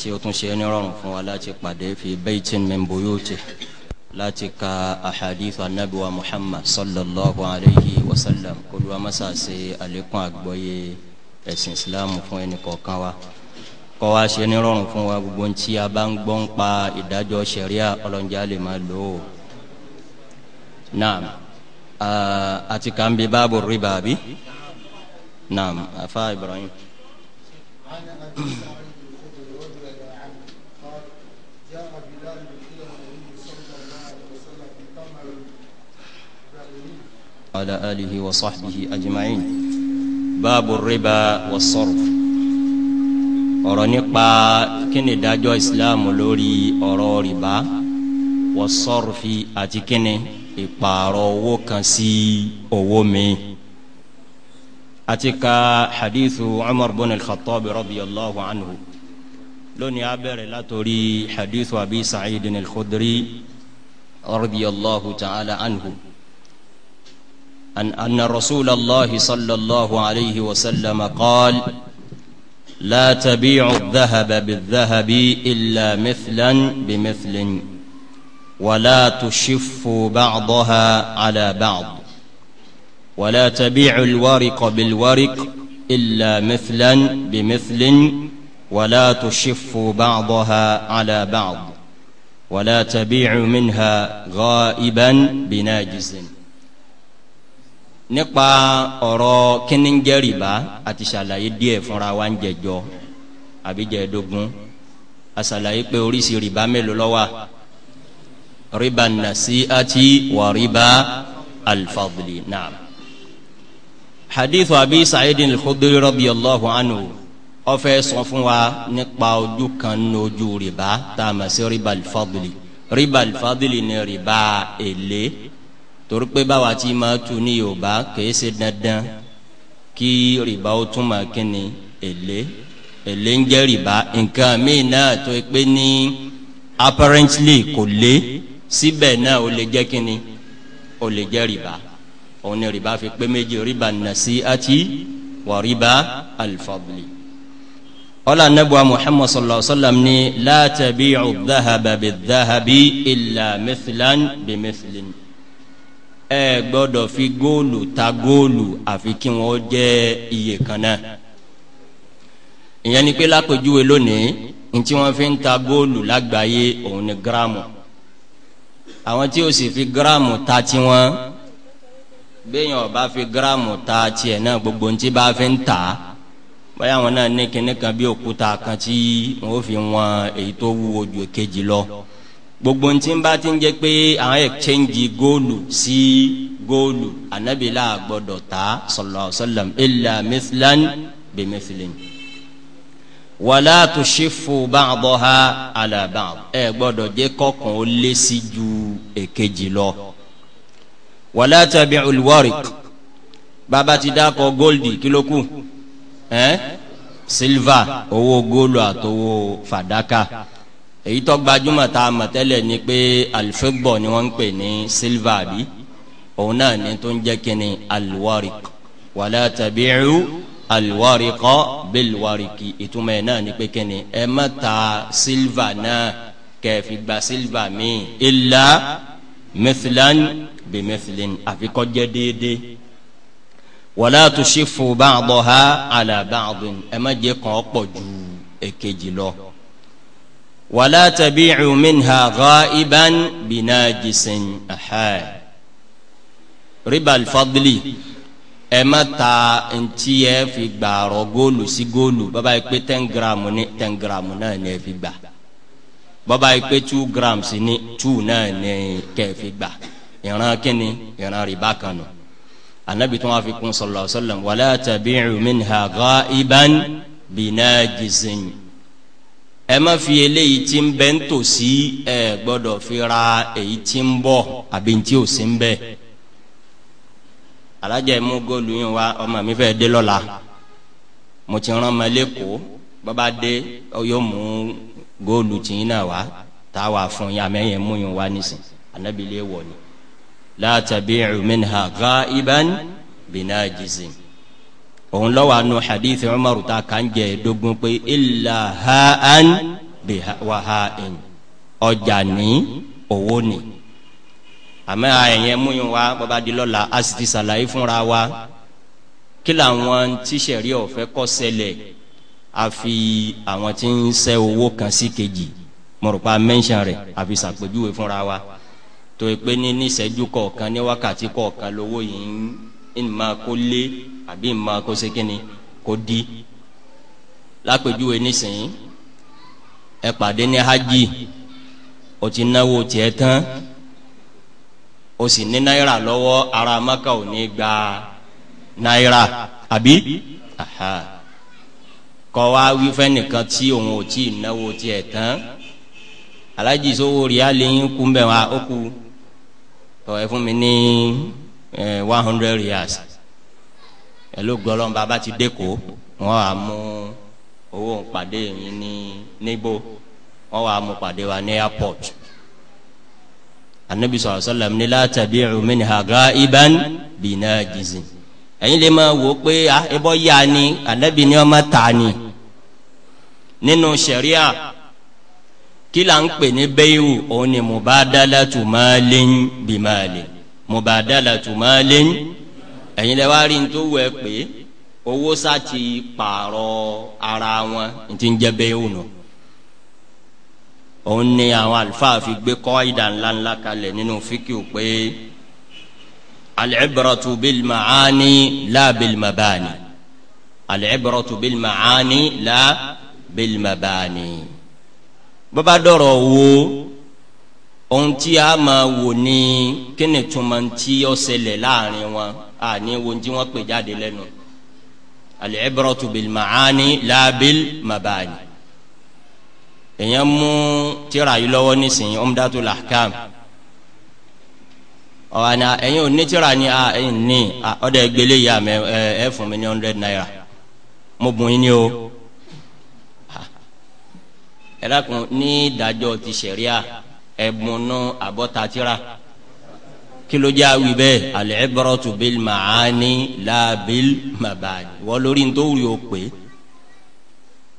tí o tún ṣe ní rọrùn fún wa láti pàdé fi baitin min buyuti láti ka ahadithu anabi wa muhammad sallallahu alayhi wa sallam kó ló wa masa ṣe àlékún àgbọ́yé ẹ̀sìn islam fún ẹnì kọ̀ọ̀kan wa kó wa ṣe ní rọrùn fún wa gbogbo ń a bá ń gbọ́ ń pa ìdájọ́ ṣẹ̀ríà ọlọ́njà lè máa lò ó naam àti kàn bí báàbò rìbá bí naam afa ibrahim. وعلى آله وصحبه أجمعين باب الربا والصرف ọ̀rọ̀ nípa kíni ìdájọ́ islam lórí ọ̀rọ̀ rìbá wọ́sọ̀rọ̀fì àti kíni ìpààrọ̀ owó kan sí owó mi. àti ka hadithu umar bin al-khattab radiyallahu anhu lónìí a bẹ̀rẹ̀ látòrí hadithu abi sa'id al-khudri radiyallahu ta'ala anhu. أن, أن رسول الله صلى الله عليه وسلم قال لا تبيع الذهب بالذهب إلا مثلا بمثل ولا تشف بعضها على بعض ولا تبيع الورق بالورق إلا مثلا بمثل ولا تشف بعضها على بعض ولا تبيع منها غائبا بناجز nípa ọ̀rọ̀ kíníjẹ́ rìbá àti ṣàlàyé díẹ̀ fúnra wa ń jẹjọ àbíjẹ̀ẹ́dógún àṣàlàyé pé oríṣi rìbá mélòó lọ́wọ́ rìbá nasi'ati wà rìbá alfadli naam. hadith abi sa'id al-khudri radiyallahu anhu ó fẹ́ sọ fún wa nípa ojú kan n'ojú rìbá tá a mọ̀ sí rìbá alfadli rìbá alfadli ni rìbá èlé torí pé báwa tí máa tu ní yorùbá kìí ṣe dandan kí rìbá ó tún máa kíni èlé èlé ń jẹ́ rìbá nǹkan míì náà tó pé ní apparently kò lé síbẹ̀ náà ó lè jẹ́ kíni ó lè jẹ́ rìbá òun ni rìbá fi pé méjì rìbá nasi'ati wa rìbá al-fadli ọlá anabuwa muhammad sallallahu alaihi wa sallam ni la tabi'u dhahaba bi dhahabi ẹ gbọ́dọ̀ fi góòlù ta góòlù àfi kí wọ́n jẹ́ iye kan náà ìyẹn ni pé lápèjúwe lónìí ntí wọ́n fi ń ta góòlù lágbàáyé òun ni gíráàmù àwọn tí ó sì fi gíráàmù ta tiwọn béèyàn bá fi gíráàmù ta tiẹ̀ náà gbogbo ntí bá fi ń ta báyà wọn náà ní kinní kan bí òkúta kan tí wọn ò fi wọn èyí tó wúwo ju èkejì lọ gbogbo ntí bá ti ń jẹ pé àwọn ẹ̀kchẹ́ǹgì góòlù sí góòlù anabila gbọdọ̀ ta sallallahu alaihi wasallam illa mithlan bi mithlin wàlá tushifu ba'daha ala ba'd ẹ gbọdọ̀ jẹ kọkàn ó lé sí ju èkejì lọ wàlá tabi'ul warik bàbá ti dákọ góòlì kílókù ẹ silva owó góòlù àtowó fàdákà èyí tó gbajúmọ̀ tá a mọ̀ tẹ́lẹ̀ ni pé alifébọ̀ ni wọ́n ń pè ní silva bí òun náà ni tó ń jẹ́ kínní alwarik wàlá tabi'u alwarikọ bilwariki ìtumọ̀ ẹ̀ náà ni pé kínní ẹ má ta silva náà kẹfì gba silva míì illa mithlan bi mithlin àfikọ́ jẹ́ déédéé wàlá tushifu ba'daha ala ba'din ẹ má jẹ́ kàn ọ́ pọ̀ ju èkejì lọ wàlá tabi'u minha ghaiban binajisin aha riba alfadli ẹ má ta ntí ẹ fi gbàrọ góòlù sí góòlù bàbá yìí pé ten gram ní ten gram náà ní ẹ fi gbà bàbá yìí pé two grams ní two náà ní kẹ fi gbà ìran kínní ìran riba kan nù anabi tó wà fi kún sallallahu alaihi wasallam wàlá tabi'u minha ghaiban binajisin. ẹ má fi eléyìí tí ń bẹ ń ẹ fi ra èyí tí ń bọ̀ àbí tí ò sí ń bẹ alájà ẹ mú góòlù yín wá ọmọ mi fẹ́ dé lọ́la mo ti rán ọmọ lẹ́kọ̀ọ́ bàbá dé yóò mú góòlù tìyín náà wá tá a wà fún yín mú yín wá nísìn òun lọ́wọ́ àánú hadith umaru ta kàn jẹ́ dógún pé ilà ha an bi wa ha in ọjà ní owó ni àmọ́ àyẹ̀yẹ múyìn wa bàbá di lọ́la a sì ti ṣàlàyé fúnra wa kí làwọn tíṣẹ̀rí ọ̀fẹ́ kọ́ ṣẹlẹ̀ àfi àwọn tí ń ṣẹ́ owó kan sí kejì mọ̀rùpá mẹ́ńṣán rẹ̀ àfi ṣàpèjúwe fúnra wa tó o pé ní níṣẹ́jú kọ̀ọ̀kan ní wákàtí kọ̀ọ̀kan lówó yìí ń ma ko lé àbí ma ko kó sékìní ko di lápèjúwe nísìnyí ẹ pàdé ní hajj o ti náwó tiẹ̀ tán o sì ní náírà lọwọ ara maka ò ní gba náírà àbí kọ́ wa wífẹ́ nìkan tí òun ò tí náwó tiẹ̀ tán alájí sówó rí alẹ́ yín kú mbẹ́ wa ó kú tọ́ ẹ fún mi ní. one hundred years ẹ̀ló gbọ́lọ́n bàbá ti dẹ́kọ̀ wọ́n á mú owó pàdé yín ní nígbó wọ́n á mú pàdé wa ní airport anabi sọ̀rọ̀ sọ́lẹ̀m ní látàbí rumin hagra iban bina jizin ẹ̀yin lè máa wò ó pé ẹbọ yá ni anabi ni ọmọ ta ni nínú sẹ̀ríà kí là ń pè ní bẹ́ẹ̀wù òun ni mubadalatu malin bimalin mubadalatu malin ẹ̀yin lẹ wá rí n tó wẹ pé owó sá ti pààrọ̀ ara wọn n ti ń jẹ bẹ́ẹ̀ ònà òun ni àwọn àlùfáà fi gbé kọ́ ìdá ńláńlá kalẹ̀ nínú fíkìú pé al-ibratu bil la bil mabani al-ibratu bil la bil mabani bàbá dọ̀rọ̀ wo ohun tí a máa wò ní kíni túmọ̀ tí ó ṣẹlẹ̀ láàrin wọn a ní wo tí wọ́n pè jáde lẹ́nu al-ibratu bil ma'ani la bil mabani èèyàn mú tíra yìí lọ́wọ́ nísìnyí Umdatul Ahkam ọ̀hánà ẹ̀yin ò ní tíra ni a ẹ̀yin ní ọ̀dọ̀ ẹgbẹ́lẹ́ yìí àmẹ́ ẹ̀ fún mi ní hundred naira mo bùn yín ní o ẹ̀dá kan ní ìdájọ́ ti ṣẹ̀ríà ẹ̀bùnú àbọ̀tàtìrà kílódé awi bẹ́ẹ̀ al-ibratu bil ma'ani la bil mabani wọ́n lórí ní tó wù yóò pé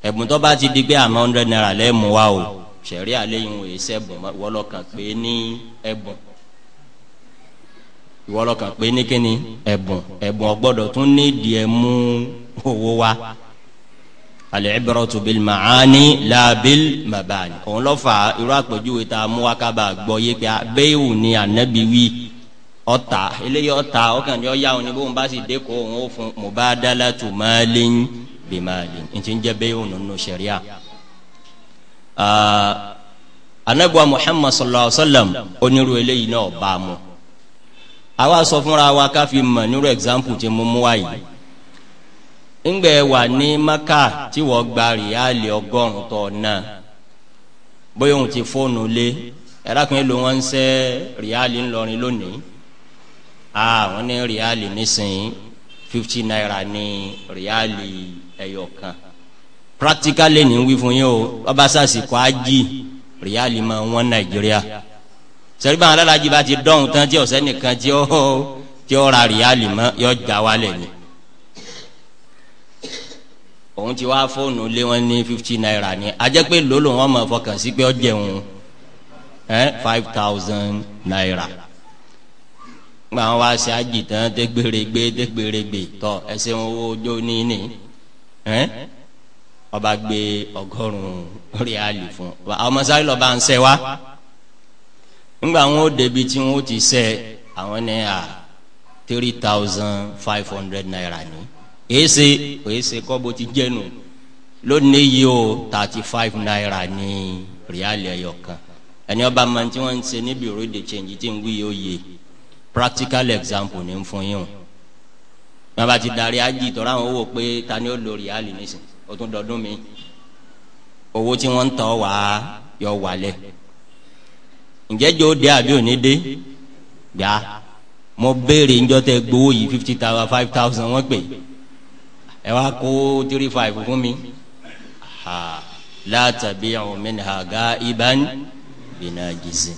ẹ̀bùn tó bá ti di pé àmọ́ hundred naira lẹ́ẹ̀mú wa o sẹ̀rí àléyìn wò ẹsẹ̀ bùn wọ́lọ́kàn pé ní ẹ̀bùn wọ́lọ́kàn pé ní kíni ẹ̀bùn ẹ̀bùn ọ̀gbọ́dọ̀ tún ní ìdí ẹ̀ owó wa al-ibratu bil ma'ani la bil mabani. òun lọ fà irú àpèjúwe tá a mú wa kábà gbọ́ yé pé abéwù ni ànábi wí ọ̀tà eléyìí ọ̀tà ọkàn ni ọ̀yà òun ni bóun bá sì dékò òun ó fún mubadalatu malin bi malin ntí ń jẹ́ béwù nínú sẹ̀ríà. anabiwa muhammad sallallahu alaihi wa sallam onírú eléyìí náà bá a mú. àwa sọ fúnra wa káfí mọ̀ nírú example tí mo mú wa yìí ńgbẹ wà ní maka tí wọ́n gba rìálì ọgọ́rùn tọ̀ náà bóyá òun ti fóònù lé ẹ̀rá kan ló wọ́n ń sẹ́ rìálì ńlọrin lónìí àwọn ní rìálì nísìnyí fifty naira ní rìálì ẹyọ kan practically ní wí fún yín o bàbá sàṣìkò ají rìálì máa wọ́n nàìjíríà sẹ́rí báwọn alájí bá ti dọ́hùn tán tí ọ̀sẹ́ nìkan tí ó ra rìálì mọ́ yọ jà wálẹ̀ ni. òun ti wá fóònù lé wọn ní fifty naira ni ajẹ́ pé lólo wọn máa fọkàn sí pé ó jẹun five thousand naira gba wọn wá sí àjìtàn dégbèrègbè dégbèrègbè tọ ẹsẹ wọn wo ojó níní ọba gbé ọgọ́rùn ríálì fún ọmọ sáré lọba ń sẹ wá ngba wọn ó débi tí wọn ó ti sẹ àwọn ní three thousand five hundred naira ni èése èése kọ́ bó ti jẹ́nu lónìí yìí o thirty five naira ní ríálì ẹyọ kan ẹni ọba máa tí wọ́n ń ṣe níbi ìròyìn de change tí ń yìí ó yẹ practical example ní fún yín o wọn bá ti darí ájì tọ́ra àwọn owó pé ta ni ó lo ríálì nísìn o tún dọdún mi owó tí wọ́n ń tọ́ wá yọ wálẹ̀ ǹjẹ́ jọ dé àbí òní dé gbà mo béèrè ńjọ́ tẹ gbowó yìí fifty thousand five thousand wọ́n pè é ẹ wá kó three five fún mi ha látàbí minha ga'iban binajizi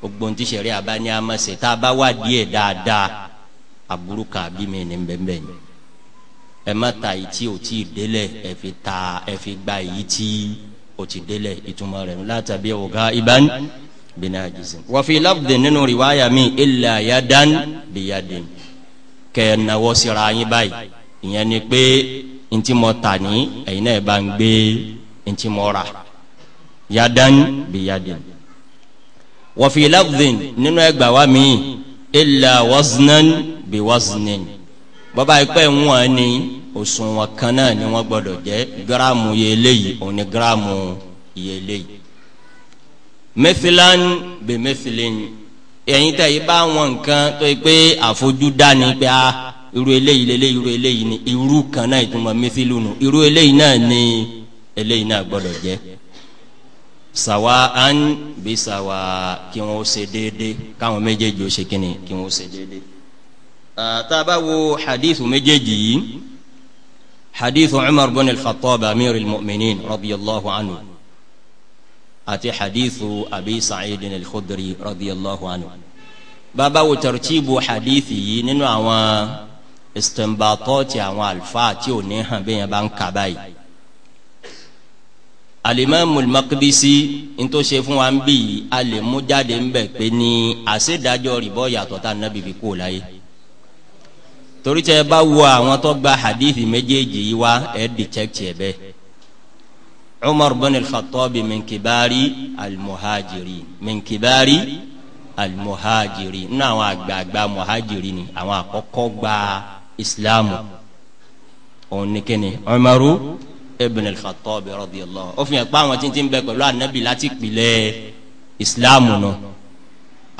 gbogbo ntí sẹ̀rí abáni amase tá a bá wà díẹ̀ dáadáa aburú kàbí mi ní bẹ́ẹ̀ ni ẹ má ta èyí tí o ti délẹ̀ ẹ fi ta ẹ fi gba èyí tí o ti délẹ̀ ìtumọ̀ rẹ̀ látàbí ga'iban binajizi wa fi lafdi nínú riwaya mi illa yadan biyadin kẹ́ ẹ̀ náwó síra yín báyìí ìyẹn ni pé ntí mo tà ní ẹ̀yin náà bá ń gbé ntí mo rà yadan bi yadan wọ́fi lafdhin nínú ẹgbàá wa mi illa waznan bi waznin bọ́bá ìpẹ́ wọn ni òṣùwọ̀n kan náà ni wọ́n gbọ́dọ̀ jẹ́ gíráàmù iye eléyìí òun ni gíráàmù iye eléyìí mẹ́fìlán bè mẹ́fìlẹ́yìn ẹ̀yin tẹ̀ yí bá wọn nǹkan tó yẹ pé àfojúdá ni pé a. Ah, irú eléyìí lélẹ́yìí irú eléyìí ni irú kan náà ìtumọ̀ mẹ́sílù nù irú eléyìí náà ni eléyìí náà gbọ́dọ̀ jẹ́ sàwa án bí sàwa kí wọn ó ṣe déédéé káwọn méjèèjì ó ṣe kíni kí wọn ó ṣe déédéé. tá a bá wo hadith méjèèjì yìí hadith umar bin al-khattab amir al-mu'minin radiyallahu anhu àti hadith abi sa'id al-khudri radiyallahu anhu. bàbá wo tartibu hadith yìí nínú àwọn ìsìtẹ̀mbàtọ́ọ̀tì àwọn àlùfáà tí ò ní hàn bẹ́ẹ̀ yẹn bá ń kà báyìí. alimami makidisi ntọ́ ṣe fún wa ń bì yìí a lè mú jáde ń bẹ̀ pé ní àṣedájọ́ rìbọ́ yàtọ̀ tá nàbì fi kó láyé. torí tẹ bá wo àwọn tó gba hadith méjèèjì yìí wá ẹ̀ dìtẹ́kìtì ẹ̀ bẹ́ẹ̀. Umar bin al-Khattab min kibari al-muhajiri min al-muhajiri nínú àwọn àgbààgbà muhajiri ni àwọn àkọ́kọ́ gbàá ìsìláàmù òun ní kíni Umaru ibn al-Khattab radiyallahu ó fi hàn pé àwọn tí ń ti ń bẹ pẹ̀lú anabi láti pìlẹ̀ ìsìláàmù nù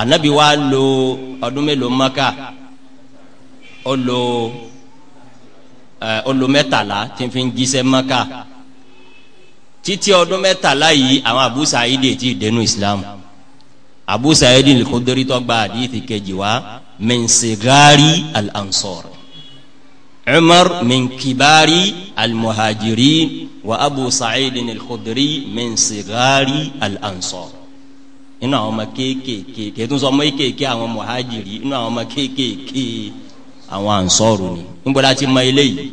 anabi wa lo ọdún mélòó maka ó lo eh, ó lo mẹ́tàlá tí ń fi ń jíṣẹ́ maka títí ọdún mẹ́tàlá yìí àwọn Abu Sa'id ti dẹnu ìsìláàmù Abu Sa'id al-Khudri tó gba àdìsí kejì wa min sigari al-ansor عمر من كبار المهاجرين وأبو سعيد الخدري من صغار الأنصار inú àwọn ọmọ kéékèèké kẹtùn sọ ọmọ kéékèèké àwọn muhajiri inú àwọn ọmọ kéékèèké àwọn ansọrù ni níbo la ti mọ eléyìí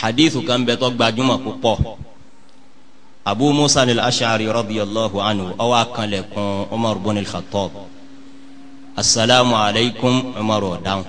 hadithu kan bẹ tó gbajúmọ̀ púpọ̀ abu musa ni ashari radiyallahu anhu ó wá kanlẹ̀ kún umar bin al-khattab asalaamu alaykum umar ọdáhùn.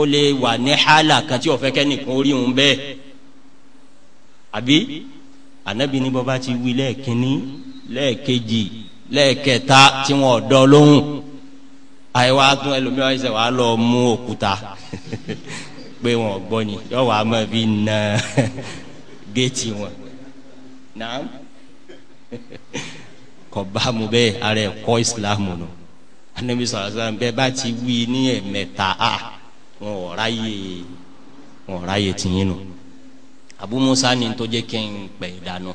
ó lè wà ní hálà kan tí ó fẹ́ kẹ́nìkan ó rí òun bẹ́ẹ̀ àbí ànábi ní bọ́ bá ti wí lẹ́ẹ̀kínní lẹ́ẹ̀kejì lẹ́ẹ̀kẹta tí wọn ọ̀dọ́ lóhùn àìwá tún ẹlòmíràn ṣe wàá lọ mú òkúta pé wọn gbọ́ ni yọ wàá mọ̀ bí na géètì wọn naam kò bá mu bẹ́ẹ̀ ara ẹ̀ kọ́ ìsìlámù nù ànábi sọ̀rọ̀ sọ̀rọ̀ bẹ́ẹ̀ bá ti wí ní ẹ̀mẹ́ta a. Ah wọn ò ráyè wọn ò ráyè tìyín nù Abu Musa ni tó jẹ́ kí n pẹ̀ dànù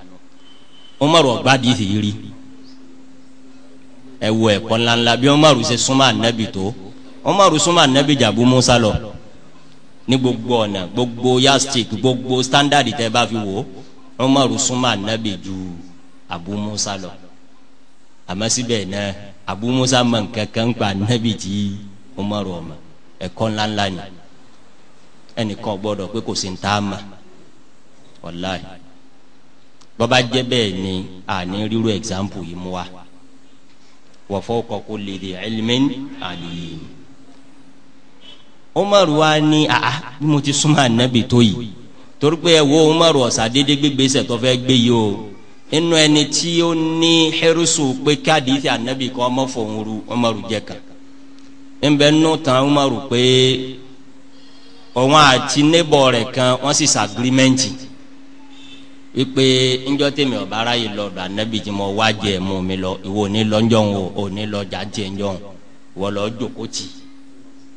Umaru ọgbà di ìsèyí rí ẹ wo ẹ̀kọ́ ńláńlá bí Umaru ṣe súnmọ́ ànábì tó Umaru súnmọ́ ànábì jà Abu Musa lọ ní gbogbo ọ̀nà gbogbo yastik gbogbo standard tẹ́ bá fi wò Umaru súnmọ́ ànábì ju Abu Musa lọ àmọ́ síbẹ̀ náà Abu Musa mọ̀ nǹkan pa ànábì tí Umaru ọmọ. ẹ̀kọ́ ńláńlá ni ẹnìkan gbọ́dọ̀ pé kò sí ń tá a mà wàláì bọ́ba jẹ́ bẹ́ẹ̀ ni àní ríru ẹ̀xámpù yìí mú wa wa fawqa kulli dhi ilmin Umaru wa ní àá bí mo ti súnmọ́ ànábì tó yìí torí pé ẹ wo Umaru ọ̀sà dédé gbégbèsè tó fẹ́ gbé yìí o inú ẹni tí ó ní hẹ́rùsù pé káàdì ti ànábì kan ọmọ fòun ru Umaru jẹ nbẹ nù tán umaru pé òun àti nebọ rẹ̀ kan wọn sì sàgírímẹǹtì wípé njọ tèmi ọba ara yìí lọ́dọ̀ anabi jì mọ wájú ẹ mú mi lọ ìwọ ní lọjọ ń wò ó ní lọjà tiẹ ń jọ ń wọ lọ jòkó tì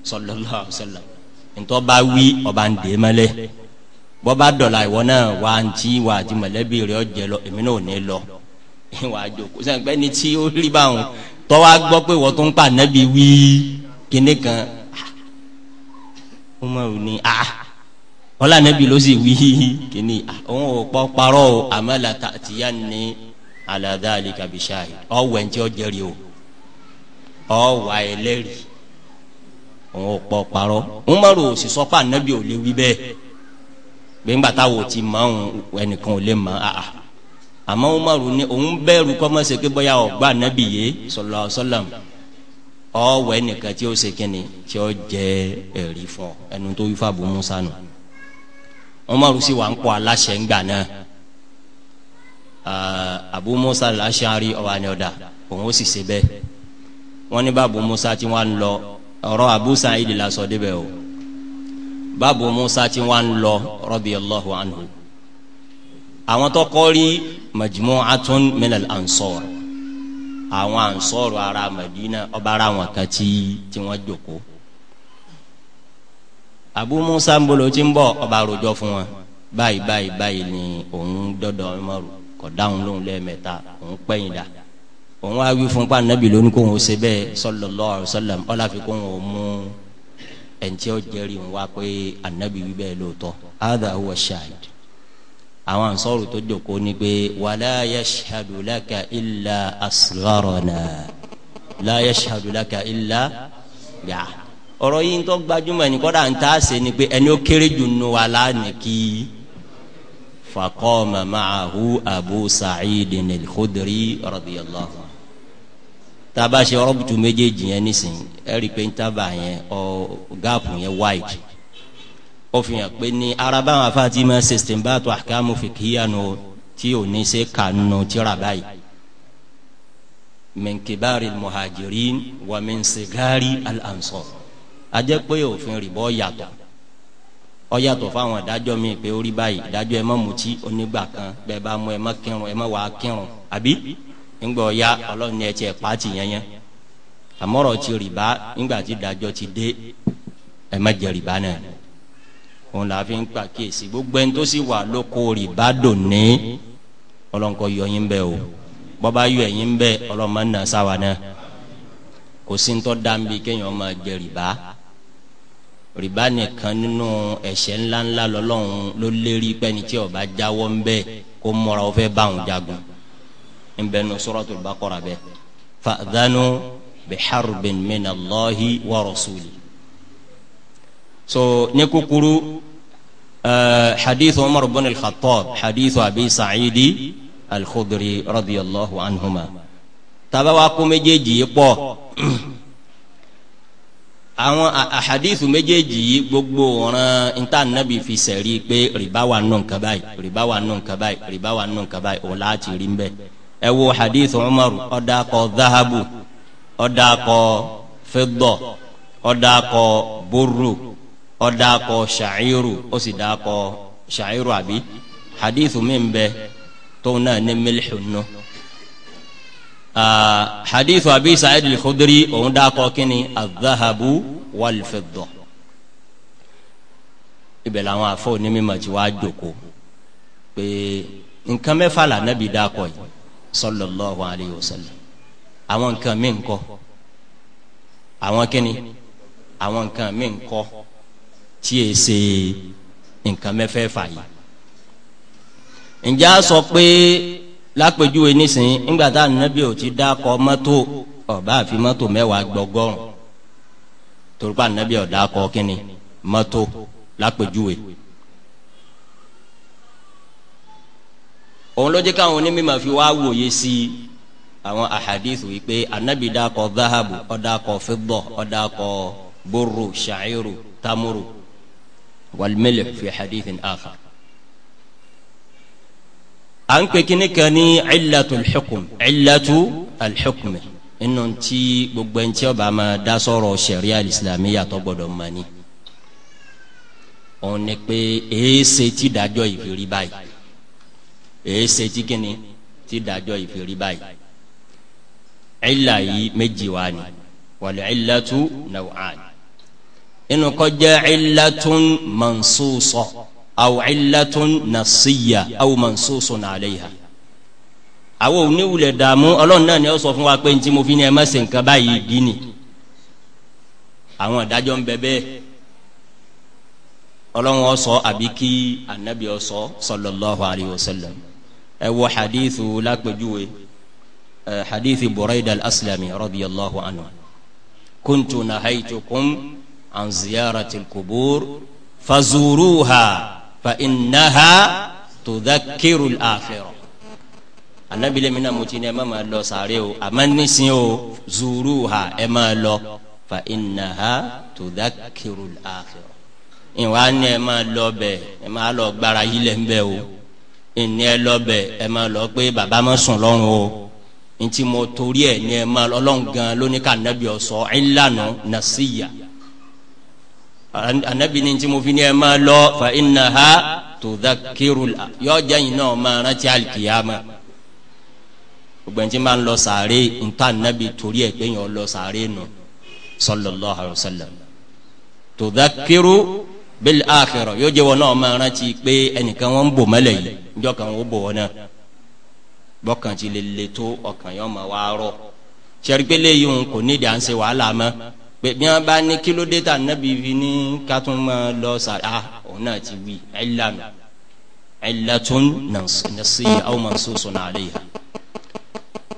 sallallahu alaihi wasallam ntọ́ bá wí ọba ń dè mẹ́lẹ́ bọ́ bá dọ̀la ìwọ náà wà á ti wà á ti mọ̀lẹ́bí rẹ̀ ọ̀jẹ̀ lọ èmi náà ò ní lọ wà á jòkó sẹ́yìn tí ó rí báwọn tọ́wá gbọ́ pé wọ́n tó ń pa anabi wí kíní kan umaru ni a wọn lànà bí ló sì wí kíní ah, òun ò amala parọ o àmọ́ làtà tìyà ni aladá alikabisahi ọwẹ ntí ọjẹri o ọwà ẹlẹ́rìí òun ò pọ parọ umaru ò sì sọ pé anabi ò lè wí bẹ́ẹ̀ gbẹ̀ngbà táwọn ò ti mọ àwọn ẹnìkan ò lè mọ àà ah, ah. àmọ́ umaru ni òun bẹ̀rù kọ́mọ́sẹ̀ pé bóyá ọ̀gbà anabi yé sallallahu alaihi ọwọ ẹnìkan tí ó ṣe kínni tí ó jẹ ẹrí fún ẹnu tó wífà bú musa nù Umaru sì wà ń kọ aláṣẹ ńgbà náà Abu Musa al-Ash'ari ọwọ àni ọdà òun ó sì ṣe bẹ́ẹ̀ wọn ní bàbá musa tí wọn lọ ọ̀rọ̀ Abu Sa'id la sọ débẹ̀ o bàbá musa tí wọn lọ radiyallahu anhu àwọn tó kọ́ rí majmu'atun minal ansar àwọn ànsọ́rù ara Madina ọba ara wọn kan tí tí wọ́n jòkó Abu Musa ń bolo tí ń bọ̀ ọba rojọ́ fún wọn báyìí báyìí báyìí ni òun dọ́dọ̀ Umaru kọ̀ dáhùn lóhùn lẹ́ẹ̀mẹ́ta òun pẹ́yìn dà òun wá wí fún pa nàbì lónìí kó òun ṣe bẹ́ẹ̀ sallallahu alaihi wasallam ọ̀làfi kó òun mú ẹ̀ǹtí ọ̀jẹ̀rì òun wá pé ànàbì wí bẹ́ẹ̀ lóòótọ́ hadha huwa shahid àwọn ansọ́rù tó jòkó ni pé wàlá yashhadu laka illa asgharana la yashhadu laka illa yà ọ̀rọ̀ yìí ń tọ́ gbajúmọ̀ ẹni kọ́dà ń tà sí ni pé ẹni ó kéré jù nù wà lánàá kí i faqama ma'ahu abu sa'idin al-khudri radiyallahu ṣe ọ̀rọ̀ bùtù méjèèjì yẹn nísìnyí ẹ pé ń tábà yẹn ọ gáàpù yẹn wáìdì ó fi hàn ní araba àwọn afáàtì máa ṣe sèǹbàtò àkàmù fìkìyànù tí ò ní ṣe kànú tíra báyìí. min kibari muhajirin wa min sigari al-ansar a jẹ́ pé òfin rìbọ yàtọ̀ ó yàtọ̀ fáwọn ìdájọ́ mi pé ó rí báyìí ìdájọ́ ẹ má mutí onígbà kan bẹ́ẹ̀ bá mú ẹ má kírun ẹ má wàá kírun àbí ńgbọ ya Ọlọ́run ẹ tiẹ̀ pàtì yẹn yẹn àmọràn ti rìbá ńgbà tí ìdájọ́ ti dé ẹ má jẹ rìbá náà òun là fi ń pàkíyèsí gbogbo ẹni tó sì wà lóko rìbá dòní ọlọ́nkọ yọ yín bẹ́ẹ̀ o bọ́ba yọ ẹ̀yìn bẹ́ẹ̀ ọlọ́mọ nà sáwà náà kò sí ń tọ́ dáńbi kéèyàn máa jẹ rìbá rìbá nìkan nínú ẹ̀ṣẹ̀ ńláńlá lọ́lọ́run ló lérí pẹ́ni tí ó jáwọ́ ń bẹ́ẹ̀ kó mọ́ra ó fẹ́ bá òun jagun ńbẹ nu Suratul Baqara bẹ́ẹ̀ fa'dhanu biharbin minallahi wa so ní kúkúrú eh, hadith umar bin al-khattab hadith abi sa'idi al-khudri radiyallahu anhuma tabawa kó méjèèjì yìí pọ̀ àwọn ahadith méjèèjì yìí gbogbo ọ̀ràn níta nàbì fi sẹ̀rí pé rìbá wà nù nǹkan báyìí rìbá wà nù nǹkan báyìí rìbá wà nù nǹkan báyìí ọ̀la ti rí mbẹ́ ẹ wo hadith umar ọ̀dà kọ zahabu ọ̀dà kọ fidda ọ̀dà kọ burru ọdakọ ṣàìrù ó sì dakọ ṣàìrù àbí hadithu mi bẹ tóun náà ní mílíọ̀nù nù. hadithu abi sa'id al-khudri òun dakọ kínní al-dhahabu wal-fidda. ibẹ̀ làwọn afọ onímọ̀ tí wàá jòkó pé nǹkan mẹ́fà lànàbí dakọ yìí alayhi wa sallam àwọn nǹkan mi ń àwọn kínní àwọn nǹkan mi ń tí e ṣe nǹkan mẹ́fẹ́ fà yìí. ǹjẹ́ a sọ pé lápèjúwe nísìnyí ńgbà tá ànábì ò ti dákọ mọ́tò ọ̀bá àfi mọ́tò mẹ́wàá gbọ́gọ́rùn torípa ànábì ò dákọ kínni mọ́tò lápèjúwe. òun ló jẹ́ káwọn onímọ̀ fi wá wòye sí i àwọn ahadithu yìí pé ànábì dákọ zahabu ó dákọ fidda ó dákọ burru sha'iru tamuru والملح في حديث آخر أنك كنكني علة الحكم علة الحكم inú tí gbogbo ẹni tí ó bá máa dá sọ̀rọ̀ sẹ̀ríà islamiyà tó gbọdọ̀ mọ̀ ni òun ni pé èéṣe tí dájọ́ ìfìrí báyìí èéṣe tí kíni tí dájọ́ ìfìrí báyìí ẹ̀là yìí méjì wá ni wal illatu naw'an inú kọ́ jẹ́ illatun mansusa aw illatun nasiya aw mansusun alayha àwọn oníwulẹ̀ dààmú ọlọ́run náà ni ó sọ fún wa pé ntí mo fi ní ẹ má ṣe nǹkan báyìí dí ni àwọn ìdájọ́ ń bẹ bẹ́ẹ̀ ọlọ́run ó sọ àbí kí anabi ó sọ alayhi wa sallam ẹ wọ hadithu lápẹjúwe ẹ hadithi buraida al-aslami anhu kuntu nahaytukum. عن زيارة القبور فزوروها فإنها تذكر الآخرة anabi lè mina mutin ẹ má ma lọ sàárè o àmọ́ nísìnyí o zuruha ẹ má lọ fa innaha tudhakkirul akhirah ìwà ni ẹ má lọ bẹ ẹ má lọ gbára yìí o ìní ẹ lọ bẹ ẹ má pé bàbá má sùn lọ́rùn o ntí mo torí ẹ ní ẹ má lọ gan lónìí ká anabi ọ̀ sọ ẹ̀ anabi ni tí mo fi ní ẹ máa lọ fa innaha tudhakiru yọ jẹ́ yìí náà máa rántí alikiyama gbẹ̀ntì máa ń lọ sàárè nta anabi torí ẹ̀ pé yẹn lọ sàárè nù sallallahu alayhi wa sallam tudhakiru bil akhirah yóò jẹ́ wọn náà máa rántí pé ẹnìkan wọn ń bò mẹ́lẹ̀ yìí njọ́ kan wọ́n bò wọn náà bọ́kàn ti lè le tó ọkàn yọ máa wá rọ sẹ́rí pé léyìí òun kò nídìí à ń ṣe wàhálà mọ́ pé bí wọn bá ní kílódé tà nábì fi ní kátún máa lọ sàrà òun náà ti wí ẹlànà ẹlẹtún nàṣí àwọn mọṣúṣù náà lè yà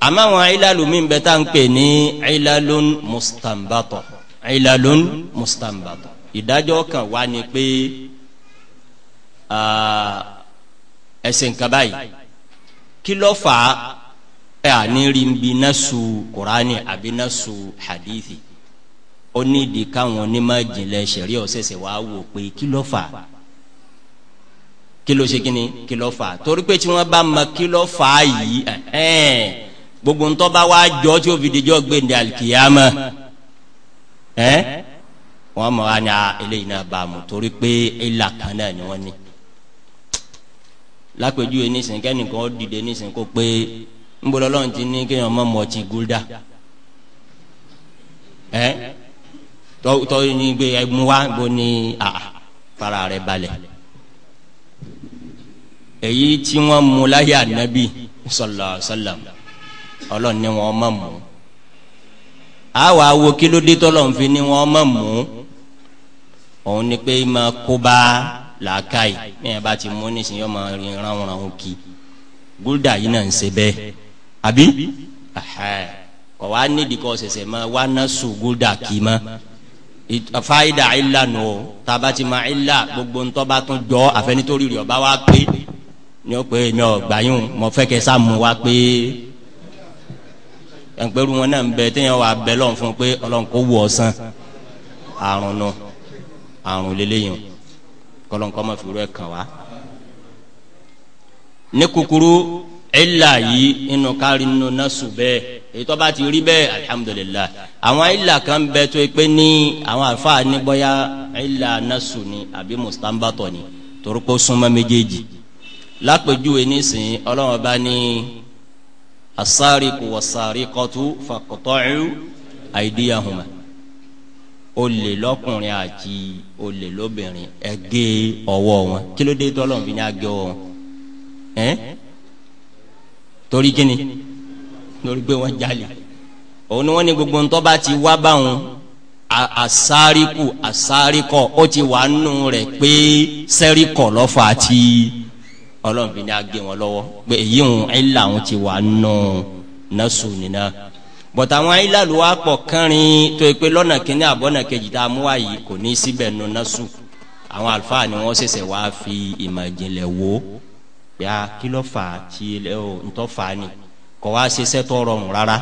àmọ́ àwọn ìlàlù mi bẹ tá à ń pè ní ìlàlùn mustanbato ìlàlùn mustanbato ìdájọ́ kan wà ní pé ẹsẹ̀ nǹkan báyìí kí fà á ẹ̀ à ní rí bí nasu kurani àbí nasu hadithi. ó ní ìdí káwọn onímọ̀ ìjìnlẹ̀ ṣẹ̀rí ọ̀sẹ̀sẹ̀ wàá wò pé kí ló fà kí ló ṣe kí ni kí ló fà torí pé tí wọ́n bá mọ kí ló fà yìí gbogbo ń tó bá wá jọ tí ó fi dijọ́ gbẹ̀ndẹ̀ àlìkìyàmọ́ wọ́n mọ̀ á ní eléyìí náà bá a mú torí pé ìlà kan náà ni wọ́n ní lápèjúwe nísìn kẹ́nìkan dìde nísìn kó pé ńbọ̀lọ́lọ́run ti ní kéèyàn mọ̀ mọ̀ ọtí gúldà tọ́ ní gbé ẹmu wá bó ní a fara rẹ̀ balẹ̀ èyí tí wọ́n mú láyé ànábì sọlọ sọlọ ọlọ́ni wọn mọ̀ mú àwa wo kílódé tọ́lọ̀ ń ni wọn mọ̀ mú òun ni pé máa kó bá làákàyè bẹ́ẹ̀ bá ti mú nísìnyí ọmọ rìn ránwọ̀n ránwọ̀n kì gúldà yìí náà ń ṣe bẹ́ẹ̀ àbí kọ̀ wá nídìí kọ́ ṣẹ̀ṣẹ̀ máa wá ná sùn gúldà kì í máa. Uh, fáyidà ilà nù o taba ti ma ilà gbogbo ntọ́ba tún jọ àfẹnitórí rẹ̀ ọba wa pé ní o pé mi ò gbàyún mo fẹ́ kẹ́ sá mu wa pé ẹgbẹ́rún wọn náà ń bẹ téèyàn wà bẹ lọ́n fún pé ọlọ́run kò wù ọ sàn àrùn nù àrùn lélẹ́yìn kọ́lọ́n kọ́ mọ̀ fi rẹ̀ kàn wá. ní kúkúrú ilà yìí inú kárí nínú náà sùn bẹ́ẹ̀ èyí tó bá ti rí bẹ́ẹ̀ alihamudulilayi àwọn ìlà kan bẹ tó pé ní àwọn àfa ní bóyá ìlà nasu ni àbí mustanbatọ ni torókó súnmọ́ méjèèjì lápèjúwe nísìnyí ọlọ́wọ́n bá ní asáríkù wasáríkọ́tù faqta'u aydiyahuma olè lọ́kùnrin àti olè lóbìnrin ẹ gé ọwọ́ wọn kí ló dé tọ́lọ́mùbí ni a wọn ẹ́ torí kíni lórí pé wọ́n jalè òun ni wọ́n ní gbogbo ntọ́ bá ti wá báwọn asáríkù asárikọ ó ti wà nù rẹ̀ pé sẹ́ríkọ lọ́fà tí ọlọ́run fi ní agé wọn lọ́wọ́ pé èyí ń ẹ̀là wọn ti wà nù násù nínà bọ̀tà àwọn ayélujára ló wá pọ̀ kánrin tó yẹ pé lọ́nà kínní àbọ̀nà kejì tá a mú wá yìí kò ní síbẹ̀ nù násù àwọn àlùfáà ni wọ́n ṣẹ̀ṣẹ̀ wá fi ìmọ̀ ìjìnlẹ̀ wò ó yà kí ló fà á tí ẹ fà á nìyí kò wá ṣe sẹtọ rọrùn rárá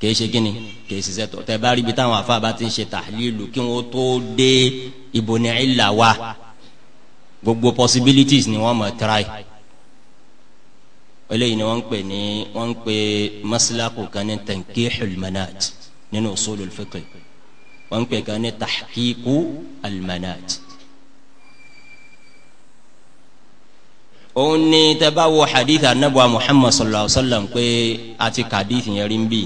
kìí ṣe gíní kìí ṣe sẹtọ tẹ bá ríbi táwọn afa bá ti ń ṣe tàlílù kí wọn tó dé ìbò ní ìlà wa gbogbo possibilities ni wọn mọ try eléyìí ni wọn ń pè ní wọn ń pè maslaku kan ní tankihul manaj nínú usulul fiqh wọn ń pè kan ní tahqiqu al Oni ni tẹ́bá wo hadith anabuwa muhammad sallallahu alaihi wa sallam pé ati kadith yẹn rí bí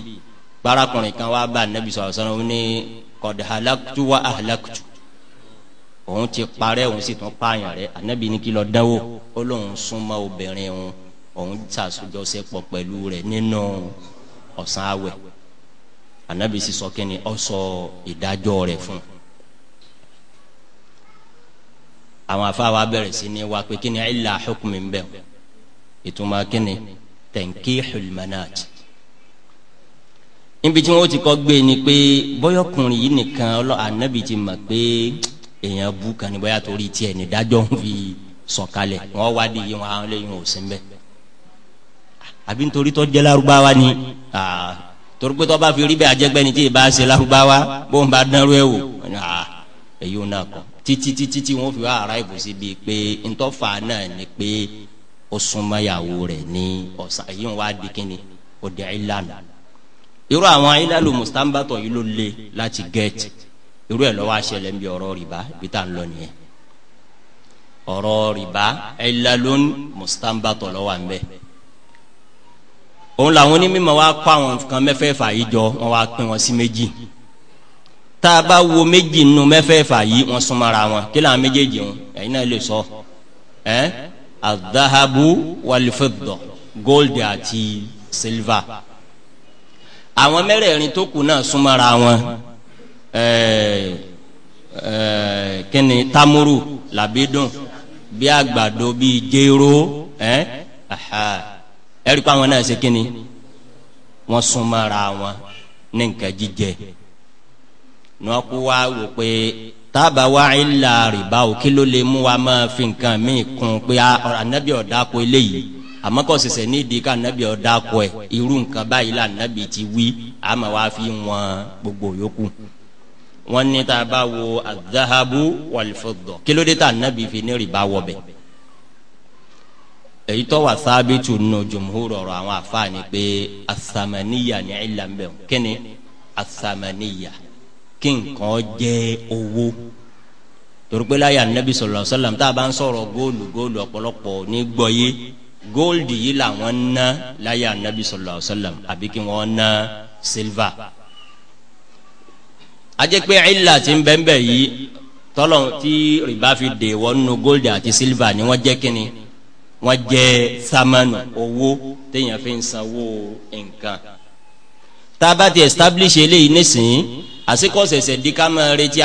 bárakùnrin kan wá bá anabi sallallahu alaihi wa sallam ní qad halaktu wa ahlaktu òun ti parẹ́ òun sì tún pààyàn rẹ̀ anabi ní kí lọ dánwò ó lóun súnmọ́ obìnrin òun òun ṣàṣùjọṣepọ̀ pẹ̀lú rẹ̀ nínú ọ̀sán àwẹ̀ anabi sì sọ kí ni ó sọ ìdájọ́ fún un. àwọn afáwa bẹ̀rẹ̀ sí ní wá pé kí ni illa hukmi ń bẹ̀ ìtumọ̀ kí ni tankihul manat níbi tí wọn ti kọ́ gbé ni pé bọ́yọ̀kùnrin yìí nìkan ọlọ́ ànábì ti mọ̀ pé èèyàn bú kan ní bóyá torí tiẹ̀ ní dájọ́ ń fi sọ̀kalẹ̀ wọ́n wá di yìí wọn àwọn eléyìí ò sí mbẹ́ àbí nítorí tó jẹ́ lárúbáwá ni torí pé tó bá fi rí bẹ́ẹ̀ ajẹ́gbẹ́ni tí ì bá ṣe lárúbáwá bó ń bá dánrú ẹ̀ wò èyí náà kọ́ títí títí tí wọ́n fi wá ara ìbùsí bíi pé ntọ́fà náà ni pé ó súnmọ́yàwó rẹ̀ ní ọ̀sà yìí wọ́n á di kíni ó di ìlànà irú àwọn ìlànà mùsítàmbàtọ̀ yìí ló le láti get irú ẹ̀ lọ́wọ́ aṣẹlẹ̀ ń bi ọ̀rọ̀ rìbá ibi tá à ń lọ nìyẹn ọ̀rọ̀ rìbá ìlànà mùsítàmbàtọ̀ lọ́wọ́ à òun làwọn onímọ̀ wa kọ́ àwọn nǹkan mẹ́fẹ̀ẹ̀fà yìí jọ wọ́n wá pín wọn sí méjì. Si tá a bá wo méjì nu mẹ́fẹ̀ẹ̀fà yìí wọ́n súnmọ́ra wọn kí làwọn méjèèjì wọn ẹ̀yin náà lè sọ ẹ́ adahabu walifidda gold àti silver àwọn mẹ́rẹ̀ẹ̀rin tó kù náà súnmọ́ra wọn ẹ̀ẹ́ ẹ̀ẹ́ kíni tamuru làbídùn bí àgbàdo bí jéró ẹ́ ẹ̀rí pa àwọn náà ṣe kíni wọ́n súnmọ́ra wọn ní nǹkan jíjẹ wọn kó wa wò pé tábà wá ilà rìbá o kí ló lè mú wa máa fi nǹkan míì kún pé anabi ọ̀dà kọ eléyìí àmọ́ kò sẹ̀sẹ̀ nídìí ká anabi ọ̀dà kọ ẹ̀ irú nǹkan báyìí là anabi ti wí àmọ́ wa fi wọn gbogbo yòókù wọn ní tá wo adahabu wàlífọdọ kí ló dé tá anabi fi ní rìbá wọ bẹ́ẹ̀ èyí tó wà sábìtù nù jùmùhúrù ọ̀rọ̀ àwọn àfáàní pé asamaniya ní ìlànbẹ̀ kínní asamaniya kí nǹkan jẹ́ owó torípélá yà nẹ́bí sọ̀rọ̀ sọ́lá tá a bá ń sọ̀rọ̀ góòlù góòlù ọ̀pọ̀lọpọ̀ ní gbọ́yé góòlù yìí làwọn ń ná láyà nẹ́bí sọ̀rọ̀ sọ́lá àbí kí wọ́n ná sílvà. ajẹ́pẹ́ ìlà tí ń bẹ́ńbẹ́ yìí tọ́lọ̀ tí rìbá fi dè wọ́n góòlù àti sílvà ni wọ́n jẹ́ kínni wọ́n jẹ́ sámánù owó téèyàn fi ń sanwó nǹkan. tá a bá ti establish eléyìí nísìnyí àsìkò ṣẹ̀ṣẹ̀ di retí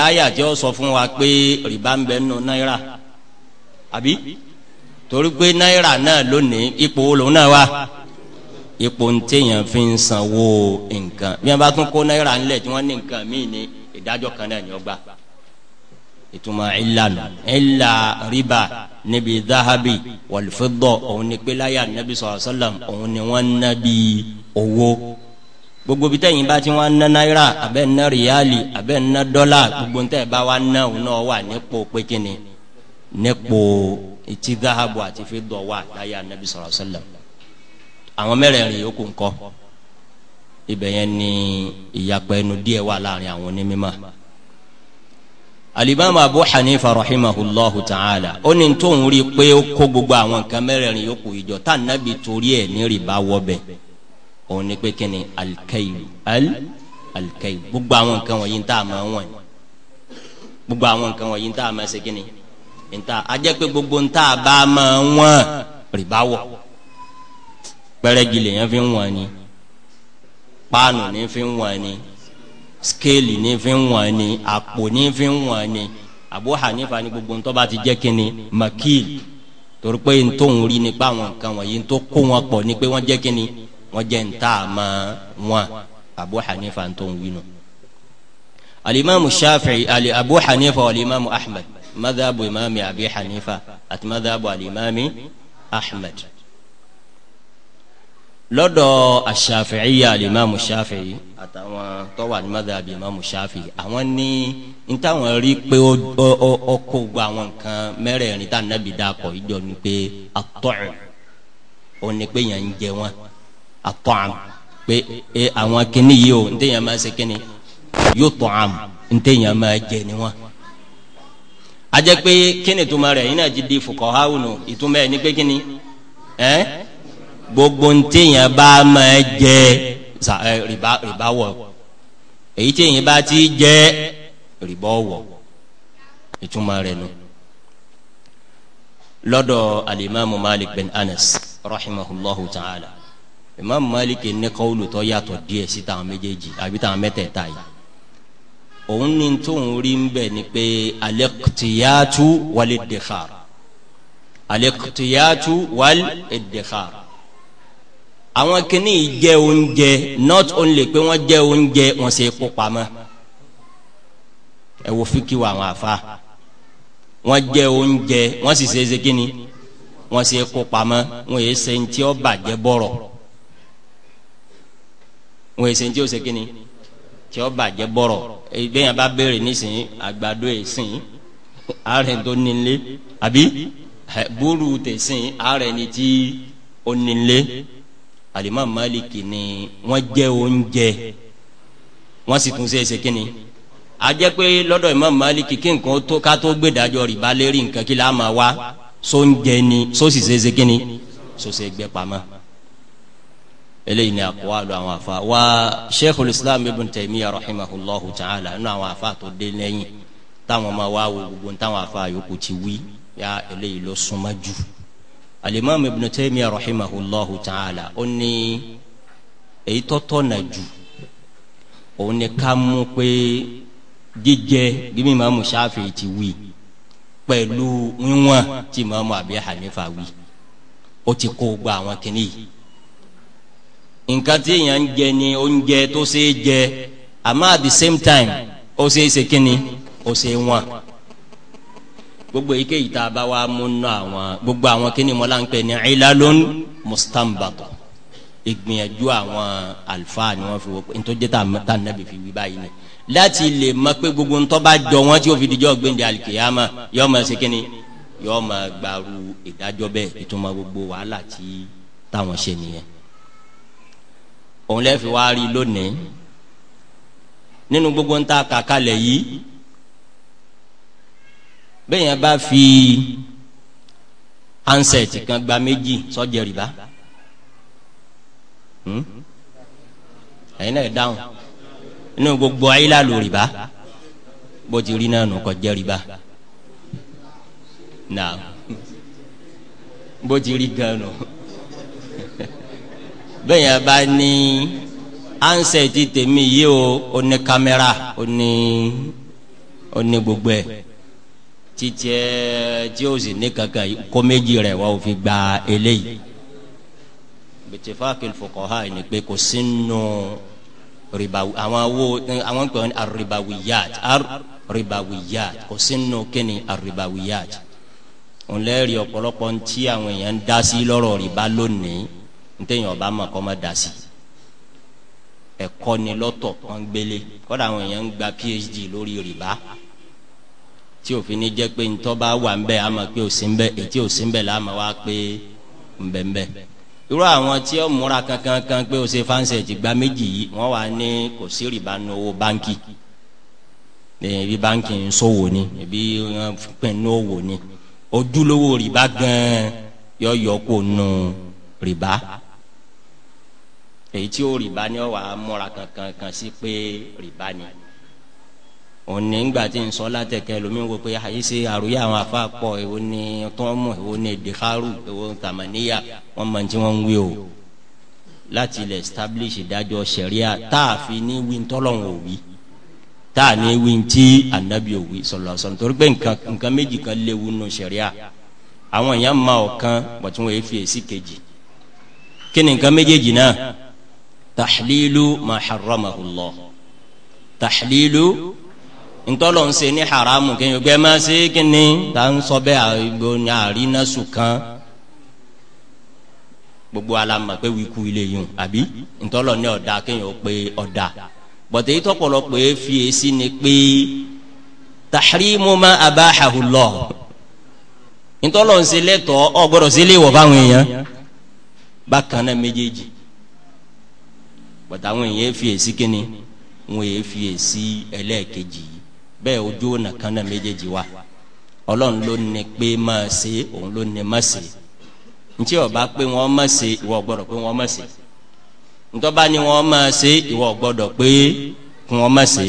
fún wa pé riba ń bẹ nù náírà àbí torí pé náírà náà lónìí ipò wo lòun náà ipò fi ń sanwó nǹkan bí wọn bá tún kó náírà wọn ní nǹkan míì ní ìdájọ́ kan náà ni ó ìtumọ̀ ìlànà ìlà níbi dáhàbì wal fidda òun ni pé láyà ni wọ́n ń owó. gbogbo bí tẹ́yìn bá ti wá ná náírà abẹ́ ná ríálì abẹ́ na dọ́là gbogbo tẹ́ bá wá ná òun náà wà nípò pékinni nípò etí dáhàbò àti fídọ̀ wà láyé anabi sallallahu alaihi wasallam àwọn mẹ́rẹ̀ẹ̀rin yòókù ńkọ́ ibẹ̀ yẹn ni ìyapẹ́ ẹnu díẹ̀ wà láàrin àwọn onímọ̀ alimami abu hanifa rahimahullahu ta'ala ó ní tóun rí i pé ó kó gbogbo àwọn nǹkan mẹ́rẹ̀ẹ̀rin yòókù ìjọ tá anabi torí ẹ̀ ní rìbá wọ́ bẹ́ẹ̀ òun ni pé kíni alikayu al alikayu gbogbo àwọn nǹkan wọ̀nyí ń tà máa wọ̀n gbogbo àwọn nǹkan wọ̀nyí ń tà máa ṣe kíni ń tà pé gbogbo ń tà bá máa wọ̀n rìbá wọ̀ pẹ́rẹ́gì lèyàn fi ń wọ̀n ni paanu ní fi ń wọ̀n ni skeeli ní fi ń wọ̀n ni àpò ní fi ń wọ̀n ni Abu Hanifa ni gbogbo ń tó bá ti jẹ́ kíni makil torí pé ń rí ni pé àwọn nǹkan wọ̀nyí ń kó wọn pọ̀ ni pé wọ́n jẹ́ kíni wọn jẹ nta ma wọn abu hanifa tó ń winu alimami shafi'i ali abu hanifa alimami ahmed madhabu imami abi hanifa àti madhabu alimami ahmed lọ́dọ̀ aṣàfihìyà alimami ṣàfihì àtàwọn tó wà ní madhabi imami ṣàfihì àwọn ní n táwọn rí pé ó kó gba àwọn nǹkan mẹ́rẹ̀ẹ̀rin tá nàbì dàkọ ìjọ ni pé atọ́ọ̀ ò ní pé yẹn ń jẹ wọn àtọ́àm pé e àwọn kìnnì yìí o ntẹ̀yìn máa ṣe kìnnì yóò tọ́àm ntẹ̀yìn máa jẹ ni wọn. a jẹ́ pé kìnnì tó máa rẹ̀ yín náà ti di fòkànháwò nù ìtumọ̀ ẹ̀ ní pé kìnnì ẹ́ gbogbo ntẹ̀yìn bá máa jẹ rìbá rìbá wọ̀ èyí tẹ̀yìn bá ti jẹ rìbá wọ̀ ìtumọ̀ rẹ̀ nù. No alimami malik bin anas rahimahullahu ta'ala Imam Malik ní kọ́wùlù tó yàtọ̀ díẹ̀ sí tàwọn méjèèjì àbí tàwọn mẹ́tẹ̀ẹ̀ta yìí òun ní tóun rí ń bẹ̀ ni pé al-iqtiyatu wal-iddikhar al-iqtiyatu wal-iddikhar àwọn kìnnì jẹ oúnjẹ not only pé wọ́n jẹ oúnjẹ wọ́n ṣe kó pamọ́ ẹ wo fíkìwà àwọn àfa wọ́n jẹ oúnjẹ wọ́n sì ṣe é ṣe kí ni wọ́n kó pamọ́ wọ́n yéé ṣe ń tí ó bàjẹ́ bọ̀rọ̀ wọn èsì tí ó ṣe kíni tí ó bàjẹ́ bọ̀rọ̀ ìgbéyàn bá béèrè nísìnyí àgbàdo èsìn ààrẹ tó nílé àbí búrú tẹ̀sìn ààrẹ ni tí ó nílé alimam maliki ni wọ́n jẹ́ oúnjẹ wọ́n sì tún ṣe é ṣe kíni ajẹ́ pé lọ́dọ̀ imam maliki kí nǹkan tó ká tó gbèdájọ́ rìbá lérí nǹkan kí la máa wá sóúnjẹ ni sósì ṣe é ṣe kíni sóṣe gbẹ pamọ́ eléyìí ni àkọwàlù àwọn afa wa sheikhul islam ibn taymiya rahimahullahu ta'ala nínú àwọn afa tó dé lẹ́yìn táwọn máa wá wo gbogbo táwọn afa yòókù ti wí ya eléyìí ló súnmọ́ jù alimami ibn taymiya rahimahullahu ta'ala ó ní èyí tó tọ́nà jù òun ni ká mú pé jíjẹ gímí maamu Ṣáfi'í ti wí pẹ̀lú wíwọ̀n tí maamu Abi Hanifa wí ó ti kó gba àwọn kìnìyí nǹkan tí èèyàn ń jẹ ni oúnjẹ tó ṣe é jẹ àmọ́ at the same time ó ṣe é ṣe kínni ó ṣe é wọ̀n gbogbo èyíkéyìí tá bá wa mú nù àwọn gbogbo àwọn kínní mọ́lá ń pè ní ilalun mustanbato ìgbìyànjú àwọn àlùfáà ni wọ́n fi wọ́pẹ́ nítorí tá nàbì fi wí báyìí ni láti lè mọ pé gbogbo ntọ́ bá jọ wọn tí ó fi dijọ́ gbẹ̀ndẹ̀ alikiyama yọ ma ṣe kínní yọ ma gbàrú ìdájọ́ bẹ́ẹ̀ ìtumọ̀ gbogbo wàhálà tí táwọn ṣe nìyẹn òun lẹ́ẹ̀fi wá rí lónìí nínú gbogbo ń ta kàkálẹ̀ yìí bẹ́ẹ̀ yẹn bá fi ansẹ̀tì kan gba méjì sọ́jẹ́ rìbá hmm? ẹ̀yin náà dáhùn nínú gbogbo ayé lálò rìbá bó ti rí náà nù kọjá rìbá náà bó ti rí gan nù. No bẹ́ẹ̀ yẹn bá ní ansẹ̀ ti tèmi yìí o ó ní kámẹ́rà ó ní ó ní gbogbo ẹ̀ títí tí ó sì ní kankan kó méjì rẹ̀ wá òfin gba eléyìí bitifaki fukaha ni pé kò sínú ribawi àwọn wo àwọn pè ní aribawiyat aribawiyat kò sínú kíni aribawiyat òun lẹ́rìí ọ̀pọ̀lọpọ̀ ntí àwọn èèyàn ń dá sí lọ́rọ̀ rìbá lónìí ntẹ̀yìn ọba mọ̀ kọ́ mọ̀ dà sí ẹ̀kọ́ ni lọ́tọ̀ wọn ń gbélé kọ́dà àwọn èèyàn ń gba phd lórí rìbá tí òfin ní jẹ́ pé ntọ́ bá wà ń bẹ̀ á mọ̀ pé òsì ń bẹ̀ ètí òsì ń bẹ̀ là á mọ̀ wá pé ń bẹ̀ ń bẹ̀ irú àwọn tí ó múra kankan kan pé ó fáńsẹ̀ ti gba méjì yìí wọ́n wà ní kò sí rìbá nu owó ibi báńkì ń ṣòwò ni ibi wọn pín ní ni ojúlówó rìbá gan yọ yọ kó nu rìbá èyí tí ó rìbá ni ọ wà á múra kankan kan sí pé rìbá ni òní ńgbà tí ń sọ látẹkẹ lómi wo pé àyè ṣe àròyé àwọn afa èwo ni tọ́mù èwo ni dèkárù èwo tàmánìyà wọn mọ tí wọn ń wí o láti lè establish ìdájọ́ sẹríà tá a fi ní wí ntọ́lọ́hún ò wí tá a ní wí ntí anabi ò wí sọlọ sọlọ torí pé nǹkan nǹkan méjì kan léwu nù sẹríà àwọn èèyàn máa ọ̀kan bọ̀tún wọ́n fi èsì kejì kí ni nǹkan méjèèjì náà tahlilu ma haramahu Allah tahlilu ntọ́lọ̀ ń ṣe ní haramu kí n gbẹ́ máa ṣe kí ni ta ń sọ bẹ́ẹ̀ àgbo ní àrínà sùn kan gbogbo alama pé wiku ilé yìí àbí ntọ́lọ̀ ní ọ̀dà kí n ò pé ọ̀dà bọ̀dé tọ́pọ̀lọ́ pé fi èsì ni pé tahrimu ma abahahu Allah ntọ́lọ̀ ń ṣe lẹ́tọ̀ọ́ ó fáwọn èèyàn bákan náà méjèèjì bàtà àwọn èèyàn fi èsì kínní wọn èèyàn fi èsì ẹlẹ́ẹ̀kejì yìí bẹ́ẹ̀ ojú ọ̀nà kan náà méjèèjì wa ọlọ́run ló ní pé máa ṣe òun ló ní má ṣe ntí ọba pé wọ́n má ṣe ìwọ gbọ́dọ̀ pé wọ́n má ṣe ntọ́ba ni wọ́n má ṣe ìwọ gbọ́dọ̀ pé kún wọ́n má ṣe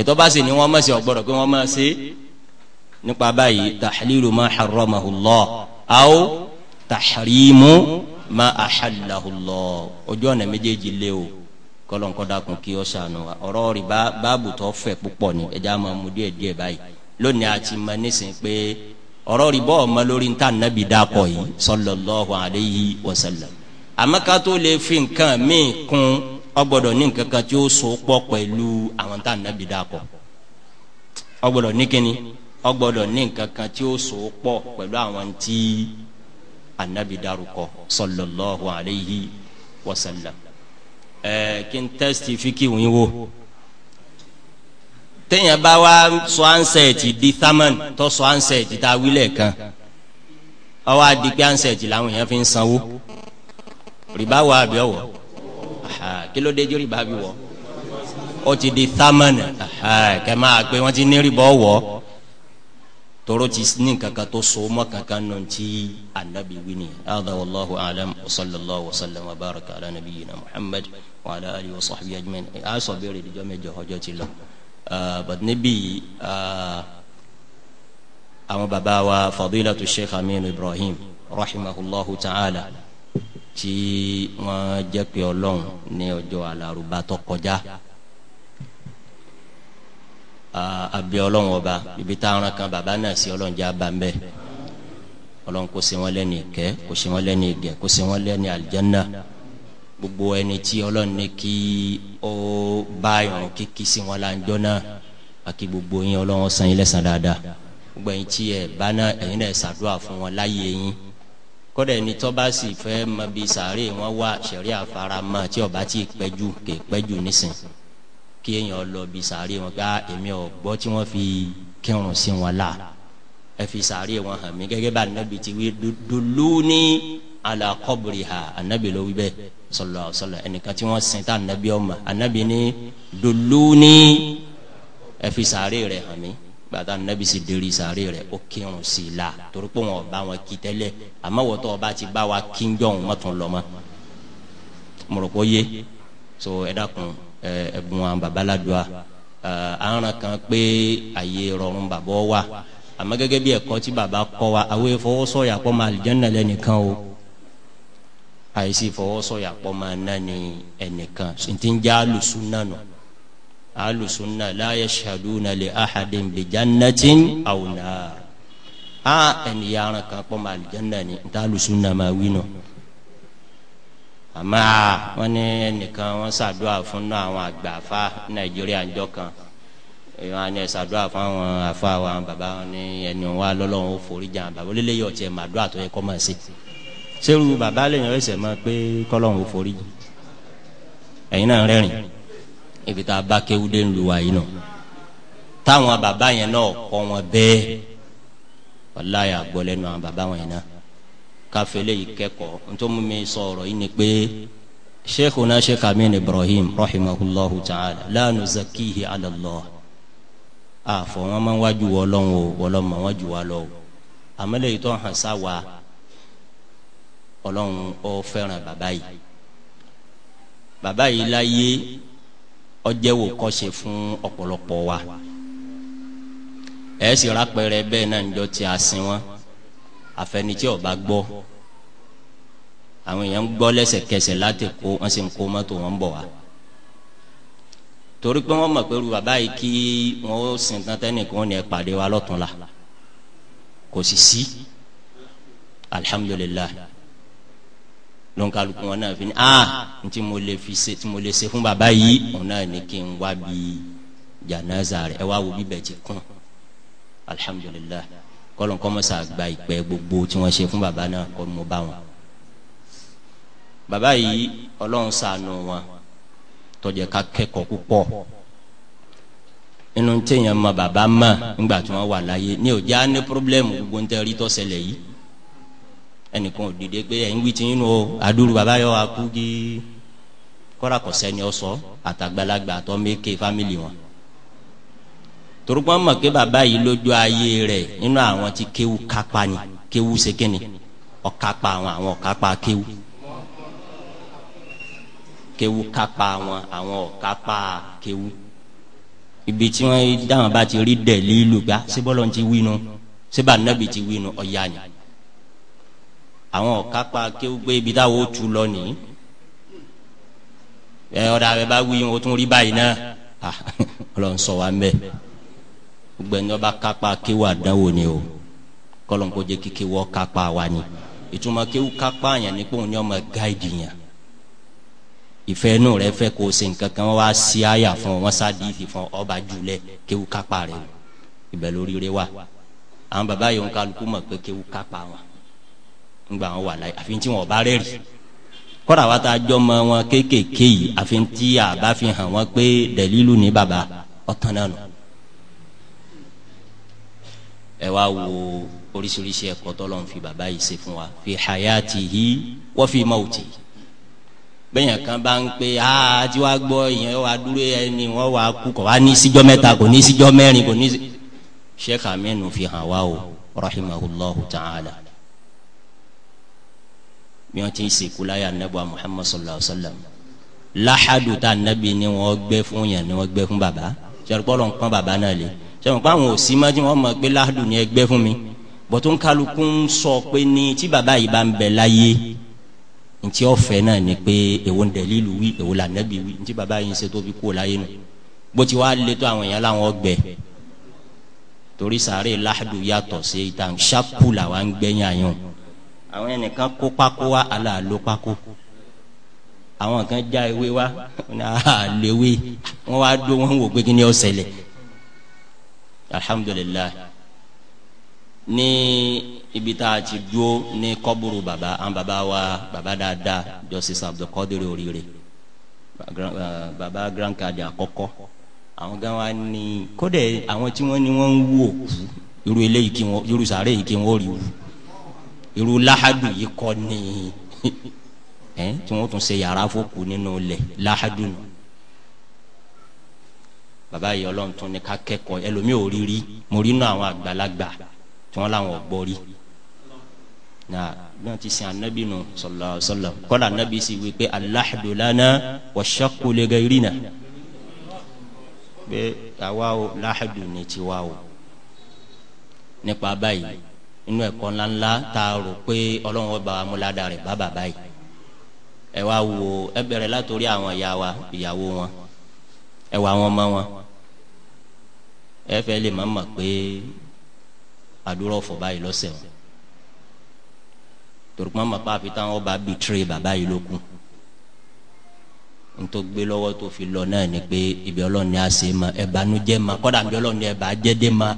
ìtọ́ba sì ni wọ́n má ṣe ọ̀gbọ́dọ̀ pé wọ́n má ṣe nípa báyìí tahlilu ma haramahu Allah aw tahrimu ma ahallahullah ojú ọ̀nà méjèèjì lé o kọlọ́nkọ́ dákun kí o sànù wa ọ̀rọ̀ rí báàbù tó púpọ̀ ni ẹja máa mú báyìí lónìí àti mọ nísìnyí pé ọ̀rọ̀ rí bọ́ ọmọ lórí ń tà yìí wa sallam lè fi nǹkan míì kún ní nǹkan kan tí ó so àwọn anabi dárúkọ sallallahu alayhi wa sallam ẹẹ kí n tẹ́sítì fíkì wọ́n wo téèyàn bá wá sọ ansẹ̀tì di thaman tó sọ ansẹ̀tì tá a wílẹ̀ kan ọwọ́ adigun ansẹ̀tì làwọn èèyàn fi ń sanwó rìbá wà á bí ọwọ́ kí ló dé jú rìbá bí wọ́ ti di thaman kẹ́ máa pé wọ́n ti ní rìbá tọrọ ti ní kankan tó so mọ́ kankan nù tí anabi wí ni ada wallahu alam wa sallallahu wa sallam wa baraka ala nabiyyina muhammad wa ala alihi wa sahbihi ajma'in a sọ béèrè ìdíjọ́ mẹ́jọ ọjọ́ ti lọ but níbí àwọn baba wa fadilatu sheikh aminu ibrahim rahimahullahu ta'ala tí wọ́n jẹ́ pé ọlọ́run ní ọjọ́ alárùbá tó kọjá àbí ọlọ́run ọba ibi tá a ran kan bàbá náà sí ọlọ́run jẹ́ abambẹ́ ọlọ́run kò sí wọn lẹ́ni ìkẹ́ kò sí wọn lẹ́ni ìgẹ̀ kò sí wọn lẹ́ni àlìjánná gbogbo ẹni tí ọlọ́run ní kí ó bá ìrùn kíkí sí wọn láńjọ́ náà àkí gbogbo yín ọlọ́run san yín lẹ́san dáadáa gbogbo ẹ̀yin tí ẹ̀ bá náà ẹ̀yin náà ṣàdúrà fún wọn láyé yín kódà ẹni tó bá sì fẹ́ mọ bí sàárè wọn wà ṣẹ̀rí àfaramọ́ tí ọba ti pẹ́jù kè pẹ́jù nísìnyí kí èèyàn lọ bí sàárè wọn gbá ah, èmi ò gbọ́ tí wọ́n fi kírun sí wọn la ẹ fi sàárè wọn hàn mí gẹ́gẹ́ bá anabi ti wí dùlú ní ala qabriha anabi ló wí bẹ́ẹ̀ sọlọ sọlọ ẹnìkan tí wọ́n sin tá anabi ọmọ anabi ní dùlú ní ẹ fi sàárè rẹ hàn mí gbàtà anabi sì dérí sàárè rẹ ó kírun sí la torí wọn bá wọn kí tẹ́lẹ̀ àmọ́ wọ́tọ́ ọba ti bá wa kí ń jọ̀hún mọ́tún yé so ẹ dákun ẹ̀bùn àwọn babaladua àrùn kan pé àyè rọrùn bàbá wa àmọ́ gẹ́gẹ́ bí ẹ̀kọ́ tí bàbá kọ́ wa àwọn ìfọwọ́sọ̀yà pọ̀ máa àlìjẹ́nà lẹ́nìkan o àìsí ìfọwọ́sọ̀yà pọ̀ máa ná ní ẹnìkan sì ti ń jẹ́ alùsùnà nù alùsùnà la yashhaduna li ahadin bi jannatin aw nar a ẹnìyàrá kan pọ̀ máa àlìjẹ́nà ní ní ta alùsùnà máa wí nù àmọ́ wọn ní ẹnìkan wọn ṣàdúrà fún náà àwọn àgbààfà nàìjíríà ńjọ kan èèyàn àni ṣàdúrà fún àwọn àfa wa bàbá wọn ní ẹni wa lọ́lọ́run ó forí jà bàbá olólè yìí ọ̀tí ẹ̀ mà dúrà tó yẹ kọ́ mọ̀ sí sẹ́rù bàbá lèèyàn ẹ̀sẹ̀ mọ́ pé kọ́lọ́run ó forí jì ẹ̀yin náà rẹ́rìn ibi tá a bá kéwúdé ń wa yìí nà táwọn bàbá yẹn náà kọ́ wọn bẹ́ẹ̀ ọláyà gbọ́ lẹ́nu àwọn bàbá wọn yẹn náà káfílẹ̀ yìí kẹ́kọ̀ọ́ nítorí mi sọ̀rọ̀ yìí ni pé sheikhuna sheikh amin ibrahim rahimahullahu ta'ala la nuzakihi ala Allah àfọ̀ wọn ma ń wájú Ọlọ́run o Ọlọ́run wa lọ o àmọ́lẹ̀ yìí tó hàn sá wa fún wa àfẹnitsẹ ọba gbọ́ àwọn èèyàn gbọ́ lẹ́sẹ̀kẹsẹ̀ láti kó wọn sì ń kó mọ́tò wọn bọ̀ wá torí pé wọn mọ̀ pé ru bàbá yìí kí wọn ó sin tán tẹnìkan ní ẹpàdé wa lọ́tún la kò sì sí alihamudulilayi lọ́nkàlùkù wọn náà fi ni ah ntí mo lè fi ṣe tí mo lè ṣe fún bàbá yìí òun náà ní kí n wá bí jànáza rẹ ẹ wá wo bíbẹ̀ ti kún alihamudulilayi kọlọ̀ kọ́mọ́sà gba ìpẹ́ gbogbo tí wọ́n ṣe fún bàbá náà kọ́ mo bá wọn. bàbá yìí ọlọ́run ṣàánú wọn tó jẹ́ ká kẹ́kọ̀ọ́ púpọ̀ inú téèyàn mọ bàbá mọ nígbà tí wọ́n wà láyé ní òjá ní pírọ́blẹ́mù gbogbo ń tẹ́ rí tó ṣẹlẹ̀ yìí ẹnìkan ò dìde pé ẹ̀yin wí ti yín o àdúrú bàbá yọ wa kú kí ni ọ sọ àtàgbàlagbà àtọ́ méke fámìlì wọn torúkọ mọ̀ pé bàbá yìí lójú ayé rẹ̀ nínú àwọn tí kéwu kápá ni kéwu ṣe kíni ọ̀kápá àwọn àwọn ọ̀kápá kéwu kéwu kápá àwọn àwọn ọ̀kápá kéwu ibi tí wọ́n dáhùn bá ti rí dẹ̀lí lùgbà síbọ̀lọ́ ti wí nu síbà nẹ́bi ti wí nu ọ̀ya ni àwọn ọ̀kápá kéwu gbé ibi táwọn ó tu lọ nìyí ẹ ọ̀dà rẹ̀ bá wí wọn ó tún rí báyìí náà ah, ọlọ́run sọ wa ń gbogbo ẹni ọba kápá kéwà dáwò ni o kọlọ́n kó jẹ́ kíké wọ́ kápá wa ni ìtumọ̀ kéwù kápá yẹn ni pé òun ni ọmọ gáìdì yẹn ìfẹ́ inú rẹ fẹ́ kó o ṣe nǹkan kan wá sí àyà fún ọ wọ́n sá dìísì fún ọba jùlẹ̀ kéwù kápá rẹ o lórí rẹ wà àwọn bàbá yìí ń kálukú mọ̀ pé kéwù kápá wọn ńgbà wọn wà láyé àfi tí wọn ọba rẹ rí kọ́ra wa ta jọ mọ wọn kéékèèké yìí àfi tí àbá fi hàn wọn pé dẹ̀lílù ní bàbá ọ̀tán náà nù ẹ wá wo oríṣiríṣi ẹ̀kọ́ tọ́lọ́run fi bàbá yìí ṣe fún wa fi hayatihi wa fi mauti bẹ́yẹn kan bá ń pé aa tí wàá gbọ́ ìyẹn wàá dúró ẹni wọ́n wàá kú kọ́ wàá ní síjọ́ mẹ́ta kò ní síjọ́ mẹ́rin kò ní sheikh aminu fi hàn wá o rahimahullahu ta'ala bí wọ́n ti ń sèkú láyà nebà muhammad sallallahu alaihi wa sallam láhadu tá ni wọ́n gbé fún yẹn ni wọ́n gbé fún bàbá sẹ́rìpọ́lọ́ ń pọ́n bàbá náà lé sẹ́wọ̀n pé àwọn òsì máa ti wọ́n mọ̀ pé láàdùn ní ẹgbẹ́ fún mi bọ́tú kálukú ń sọ pé ní tí bàbá yìí bá ń bẹ láyé ntí ọ̀fẹ́ náà ni pé èwo ń dẹ̀lílu wí èwo là nẹ́bi wí ntí bàbá yìí ń ṣe tó fi kú láyé nu bó ti wá lé tó àwọn èèyàn láwọn ọgbẹ́ torí sàárè láàdù yàtọ̀ sí ìta ṣàkú làwa ń gbẹ́yìn àyàn àwọn ẹnìkan kó pákó wá aláàló pákó àwọn kan já ewé wá àléwé wọn wá dó wọn wò pé kí ni alhamdulilayi ní ibi tá a ti dúró ní kọ́búrú baba àwọn baba wa baba dáadáa justice abdulkadir oríire baba grand eh, kadi àkọ́kọ́ àwọn gan wa ní kódé àwọn tí wọ́n ní wọ́n ń wú òkú irú eléyìí kí wọ́n irú sàárè yìí kí wọ́n rí wú irú láhadu yìí kọ́ ni ẹ̀ eh, tí wọ́n tún ṣe yàrá fókù nínú ilẹ̀ láhadu nù bàbá yìí ọlọ́run tún ní ká kẹ́kọ̀ọ́ ẹlòmíì ò rí rí mo rí inú àwọn àgbàlagbà tí wọ́n láwọn ò rí na náà ti sin anabi nù sọlọ sọlọ kọ́lá anabi sì wí pé aláhàdùlánà wà sàkólégé rínà pé àwa o láhàdù ní tiwa o nípa báyìí inú ẹ̀kọ́ ńláńlá tá a rò pé ọlọ́run ọba amúládà rẹ̀ bá bàbá yìí ẹ wá wo ẹ bẹ̀rẹ̀ látòrí àwọn ìyá wa ìyàwó wọn ẹ wà wọn mọ wọn ẹ fẹ́ lè má mà pé àdúrà ọ̀fọ̀ báyìí lọ́sẹ̀ wọn torí pọ́n màpá àfi táwọn ọba bìtírè bàbá yìí lókun ntọ́ gbé lọ́wọ́ tó fi lọ náà ni pé ibi ọlọ́ni á ṣe ma ẹ̀bánújẹ́ ma kọ́dà bí ọlọ́ni ẹ̀bá jẹ́dé ma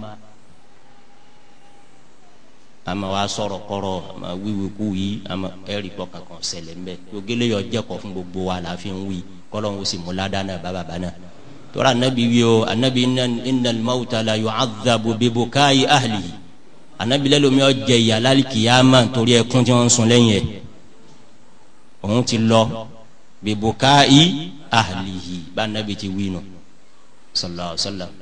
ama wa sọ̀rọ̀ kọ̀rọ̀ ama wíwí kú yí ama ẹ̀rí kọ́ kankan ṣẹlẹ̀ mbẹ́ gbogbo eléyọ̀ jẹ́kọ̀ fún gbogbo wa la fi ń wí kọ́lọ́n ó sì mú ládàá náà bá bàbá náà tọ́ra anabi wi o anabi innal mawta la yu'adhabu bibukai ahlihi anabi lẹ́lómi ọ̀jẹ̀ ìyá lálìkìyàmà torí ẹkún tí wọ́n ń sun lẹ́yìn ẹ̀ òun ti lọ bibukai ahlihi bá anabi ti wí nù sallallahu alaihi wasallam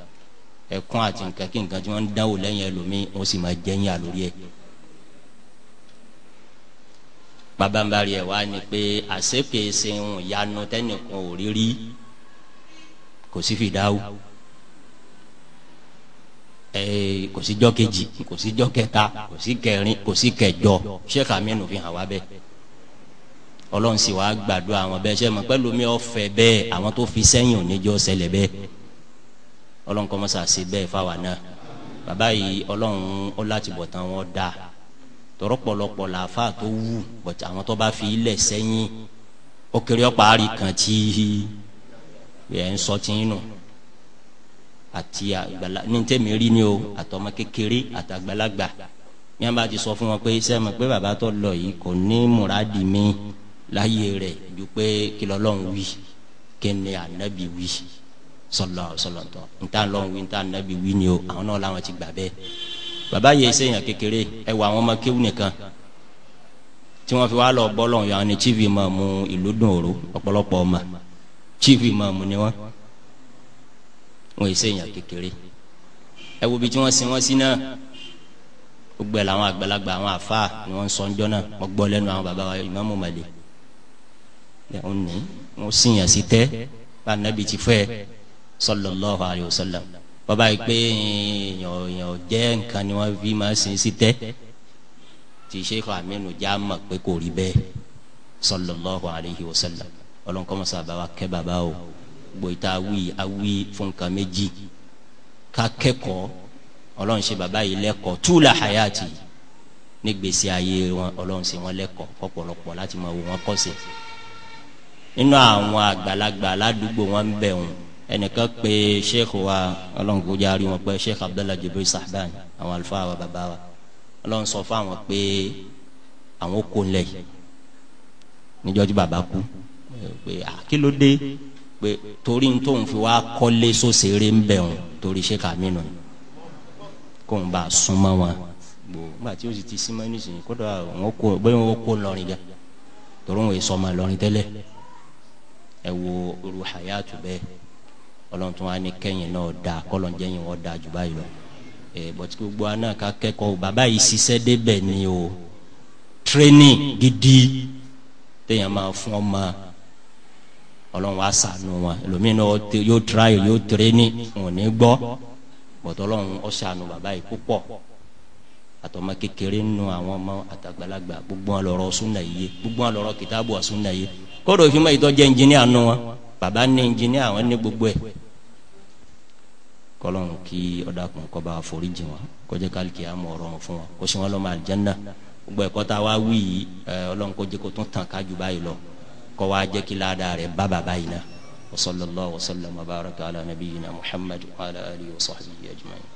ẹkún àti nǹkan kí nǹkan tí wọ́n ń dáwò lẹ́yìn ẹlòmí wọ́n sì máa jẹ́ yín àlórí ẹ̀. bàbá ń bari ẹ̀ wá ni pé àṣekèsè ń yanu tẹ́nìkan ò rí rí kò sí fìdáwù ee kò sí jọ kejì kò sí jọ kẹta kò sí kẹrin kò sí kẹjọ sheikh aminu fi hàn wá bẹ́ẹ̀ ọlọ́run sì wá gbàdúrà àwọn bẹ́ẹ̀ ṣe mọ̀ pẹ́lú mi ọ̀fẹ́ bẹ́ẹ̀ àwọn tó fi sẹ́yìn oníjọ́ ṣẹlẹ̀ bẹ́ẹ̀ ọlọ́run kọ́ mọ́sá sí bẹ́ẹ̀ fáwa náà bàbá yìí ọlọ́run ó láti bọ̀ tán wọn dá tọrọ pọ̀lọpọ̀ làáfà tó wù bọ̀tà àwọn tó bá fi ilẹ̀ sẹ́yìn ó kéré ọ̀pá àárí kan tí ẹ̀ ń sọ tí inú àti àgbàlá ní tẹ́mi rí ni o àtọmọ kékeré àtàgbàlagbà ní wọn bá ti sọ fún wọn pé sẹ́mi pé bàbá tó lọ yìí kò ní múradì mi láyé rẹ̀ ju pé kí lọ́lọ́run wí kí ni ànábì wí sọlọ sọlọ tọ nta lọ́run wí nta ànábì wí ni o àwọn náà làwọn ti gbà bẹ́ẹ̀ bàbá yìí sẹ́yìn kékeré ẹ wọ àwọn ọmọ kéwù nìkan tí wọ́n fi wá lọ bọ́ lọ́run yọ àwọn ní tv mọ̀ mu ìlú dùn òru ọ̀pọ̀lọpọ̀ ọmọ chief imaamu ni wọn wọn yìí sèyàn kékeré ẹ wo bí tí wọn sin wọn sí náà gbogbo ẹ làwọn àgbàlagbà àwọn àfa ni wọn sọ njọ náà wọn gbọ́ lẹ́nu àwọn baba wa imaamu mali ẹ wọn ní wọn sèyàn sí tẹ bá nàbì ti fẹ sallallahu alayhi wa sallam bàbá yìí pé yàn jẹ nǹkan ni wọn fi máa sin sí tẹ tí sheikh aminu jaa pé kò rí bẹ́ẹ̀ sallallahu alayhi wa sallam ọlọ́nkọ́mọ́sá bàbá kẹ́ bàbá o gbòòtà awi awí fún nǹkan méjì ká kẹ́kọ̀ọ́ ṣe bàbá yìí lẹ́kọ̀ọ́ túlà hayati ní gbèsè ayé wọn ọlọ́run ṣe wọn lẹ́kọ̀ọ́ pọ̀pọ̀lọpọ̀ láti máa wo wọn kọ́sẹ̀ nínú àwọn àgbàlagbà aládùúgbò wọn ń bẹ̀ wọn ẹnìkan pé sheikh wa ọlọ́run kò járe wọn pé sheikh abdullahi jibril sahban àwọn àlùfáà wa bàbá wa ọlọ́run sọ fún àwọn pé àwọn kò lẹ̀ níjọ́ tí bàbá kú pé àkìlódé pé torí ń tóun fi wá kọ́lé sóṣèré ń bẹ̀ wọn torí ṣe kàmí nù kóun bá súnmọ́ wọn gbà tí o sì ti símọ́ nísìnyí kódà wọn kó bẹ́ẹ̀ wọn kó lọrin gan torí wọn èso ọmọ lọrin tẹ́lẹ̀ ẹ wo ruhayatu bẹ́ẹ̀ ọlọ́run tó wà ní kẹ́yìn náà da kọ́lọ́njẹ́yìn wọn da jù báyìí lọ ẹ bọ̀tí gbogbo aná ká kẹ́kọ̀ọ́ bàbá yìí ṣiṣẹ́ débẹ̀ ni o training gidi téèyàn máa fún ọmọ ọlọ́run wa sànù wọn ẹlòmíín náà yóò tíráyè yóò tírénì wọn ní gbọ́ bọ̀dọ̀ ọlọ́run ó sànù bàbá yìí púpọ̀ àtọmọ kékeré nù àwọn ọmọ àtàgbàlagbà gbogbo ọlọrọ súnà yìí gbogbo ọlọrọ kìtàbù súnà yìí kódò ìfimọ ìtọjẹ ẹnjìníà nù wọn bàbá ní ẹnjìníà wọn ní gbogbo ẹ kọlọ́run kí ọ̀dà kan kọ́ bá foríjì wọn kọjá kálíkì àmọ́ ọ̀rọ̀ wọn fún wọn kó sì wọn lọ́mọ àlìjánná gbogbo ẹ̀kọ́ tá a kọ́ wa jẹ́ kí láda rẹ̀ bá bàbá yìí náà wa sallallahu wa sallam wa baraka ala nabiyyina muhammad wa ala alihi wa sahbihi ajma'in.